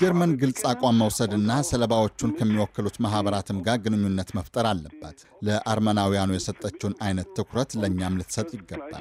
ጀርመን ግልጽ አቋም መውሰድና ሰለባዎቹን ከሚወክሉት ማኅበራትም ጋር ግንኙነት መፍጠር አለባት። ለአርመናውያኑ የሰጠችውን አይነት ትኩረት ለእኛም ልትሰጥ ይገባል።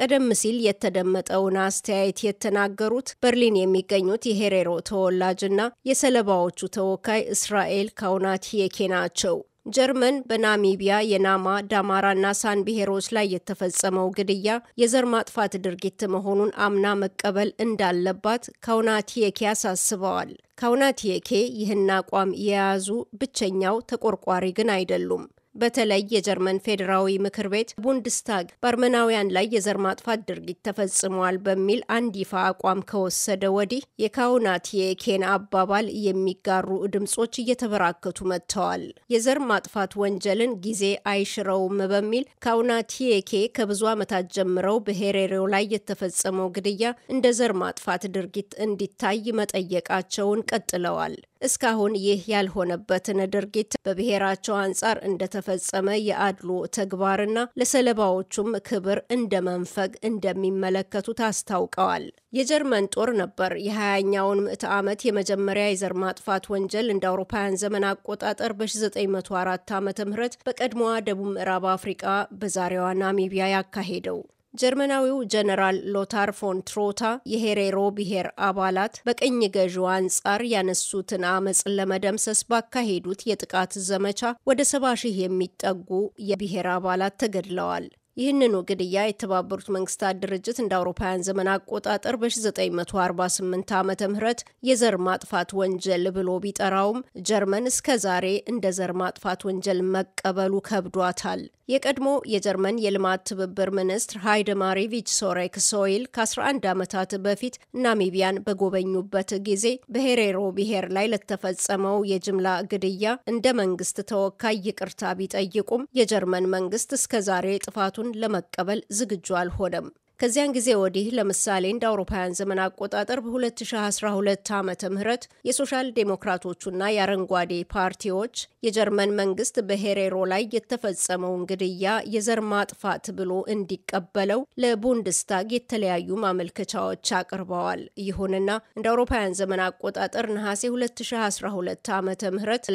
ቀደም ሲል የተደመጠውን አስተያየት የተናገሩት በርሊን የሚገኙት የሄሬሮ ተወላጅና የሰለባዎቹ ተወካይ እስራኤል ካውናት የኬ ናቸው። ጀርመን በናሚቢያ የናማ ዳማራና ሳን ብሔሮች ላይ የተፈጸመው ግድያ የዘር ማጥፋት ድርጊት መሆኑን አምና መቀበል እንዳለባት ካውናቲየኬ አሳስበዋል። ካውናቲየኬ ይህን አቋም የያዙ ብቸኛው ተቆርቋሪ ግን አይደሉም። በተለይ የጀርመን ፌዴራዊ ምክር ቤት ቡንድስታግ በአርመናውያን ላይ የዘር ማጥፋት ድርጊት ተፈጽሟል በሚል አንድ ይፋ አቋም ከወሰደ ወዲህ የካውናት የኬን አባባል የሚጋሩ ድምጾች እየተበራከቱ መጥተዋል። የዘር ማጥፋት ወንጀልን ጊዜ አይሽረውም በሚል ካውናት የኬ ከብዙ ዓመታት ጀምረው በሄሬሬው ላይ የተፈጸመው ግድያ እንደ ዘር ማጥፋት ድርጊት እንዲታይ መጠየቃቸውን ቀጥለዋል። እስካሁን ይህ ያልሆነበትን ድርጊት በብሔራቸው አንጻር እንደተፈጸመ የአድሎ ተግባርና ለሰለባዎቹም ክብር እንደ መንፈግ እንደሚመለከቱት አስታውቀዋል። የጀርመን ጦር ነበር የ20ኛውን ምዕተ ዓመት የመጀመሪያ የዘር ማጥፋት ወንጀል እንደ አውሮፓውያን ዘመን አቆጣጠር በ1904 ዓ ም በቀድሞዋ ደቡብ ምዕራብ አፍሪቃ በዛሬዋ ናሚቢያ ያካሄደው። ጀርመናዊው ጀነራል ሎታር ፎን ትሮታ የሄሬሮ ብሔር አባላት በቅኝ ገዢው አንጻር ያነሱትን አመፅ ለመደምሰስ ባካሄዱት የጥቃት ዘመቻ ወደ ሰባ ሺህ የሚጠጉ የብሔር አባላት ተገድለዋል። ይህንኑ ግድያ የተባበሩት መንግስታት ድርጅት እንደ አውሮፓውያን ዘመን አቆጣጠር በ1948 ዓ ም የዘር ማጥፋት ወንጀል ብሎ ቢጠራውም ጀርመን እስከ ዛሬ እንደ ዘር ማጥፋት ወንጀል መቀበሉ ከብዷታል። የቀድሞ የጀርመን የልማት ትብብር ሚኒስትር ሃይደማሪቪች ሶሬክ ሶይል ከ11 ዓመታት በፊት ናሚቢያን በጎበኙበት ጊዜ በሄሬሮ ብሔር ላይ ለተፈጸመው የጅምላ ግድያ እንደ መንግስት ተወካይ ይቅርታ ቢጠይቁም የጀርመን መንግስት እስከዛሬ ጥፋቱን ለመቀበል ዝግጁ አልሆነም። ከዚያን ጊዜ ወዲህ ለምሳሌ እንደ አውሮፓውያን ዘመን አቆጣጠር በ2012 ዓ ም የሶሻል ዴሞክራቶቹና የአረንጓዴ ፓርቲዎች የጀርመን መንግስት በሄሬሮ ላይ የተፈጸመውን ግድያ የዘር ማጥፋት ብሎ እንዲቀበለው ለቡንድስታግ የተለያዩ ማመልከቻዎች አቅርበዋል። ይሁንና እንደ አውሮፓውያን ዘመን አቆጣጠር ነሐሴ 2012 ዓ ም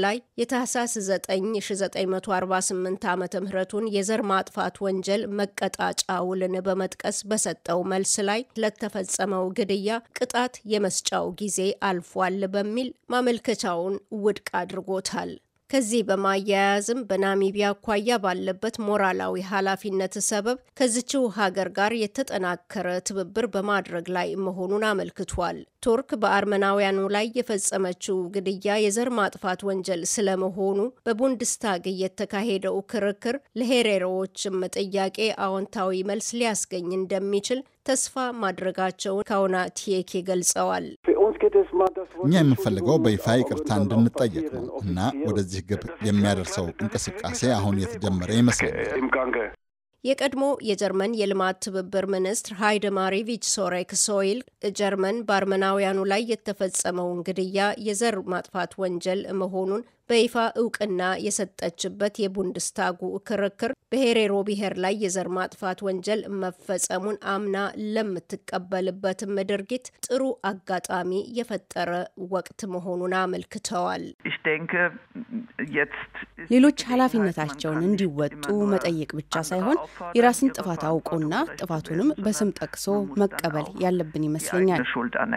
ላይ የታህሳስ 9948 ዓ ምቱን የዘር ማጥፋት ወንጀል መቀጣጫ ውልን በመጥቀስ በሰጠው መልስ ላይ ለተፈጸመው ግድያ ቅጣት የመስጫው ጊዜ አልፏል በሚል ማመልከቻውን ውድቅ አድርጎታል። ከዚህ በማያያዝም በናሚቢያ አኳያ ባለበት ሞራላዊ ኃላፊነት ሰበብ ከዝችው ሀገር ጋር የተጠናከረ ትብብር በማድረግ ላይ መሆኑን አመልክቷል። ቱርክ በአርመናውያኑ ላይ የፈጸመችው ግድያ የዘር ማጥፋት ወንጀል ስለመሆኑ በቡንድስታግ የተካሄደው ክርክር ለሄሬሮዎችም ጥያቄ አዎንታዊ መልስ ሊያስገኝ እንደሚችል ተስፋ ማድረጋቸውን ካውና ቲኬ ገልጸዋል። እኛ የምንፈልገው በይፋ ይቅርታ እንድንጠየቅ ነው እና ወደዚህ ግብ የሚያደርሰው እንቅስቃሴ አሁን የተጀመረ ይመስለኛል። የቀድሞ የጀርመን የልማት ትብብር ሚኒስትር ሃይደ ማሪቪች ሶሬክ ሶይል ጀርመን በአርመናውያኑ ላይ የተፈጸመውን ግድያ የዘር ማጥፋት ወንጀል መሆኑን በይፋ እውቅና የሰጠችበት የቡንድስታጉ ክርክር በሄሬሮ ብሔር ላይ የዘር ማጥፋት ወንጀል መፈጸሙን አምና ለምትቀበልበትም ድርጊት ጥሩ አጋጣሚ የፈጠረ ወቅት መሆኑን አመልክተዋል። ሌሎች ኃላፊነታቸውን እንዲወጡ መጠየቅ ብቻ ሳይሆን የራስን ጥፋት አውቆና ጥፋቱንም በስም ጠቅሶ መቀበል ያለብን ይመስለኛል።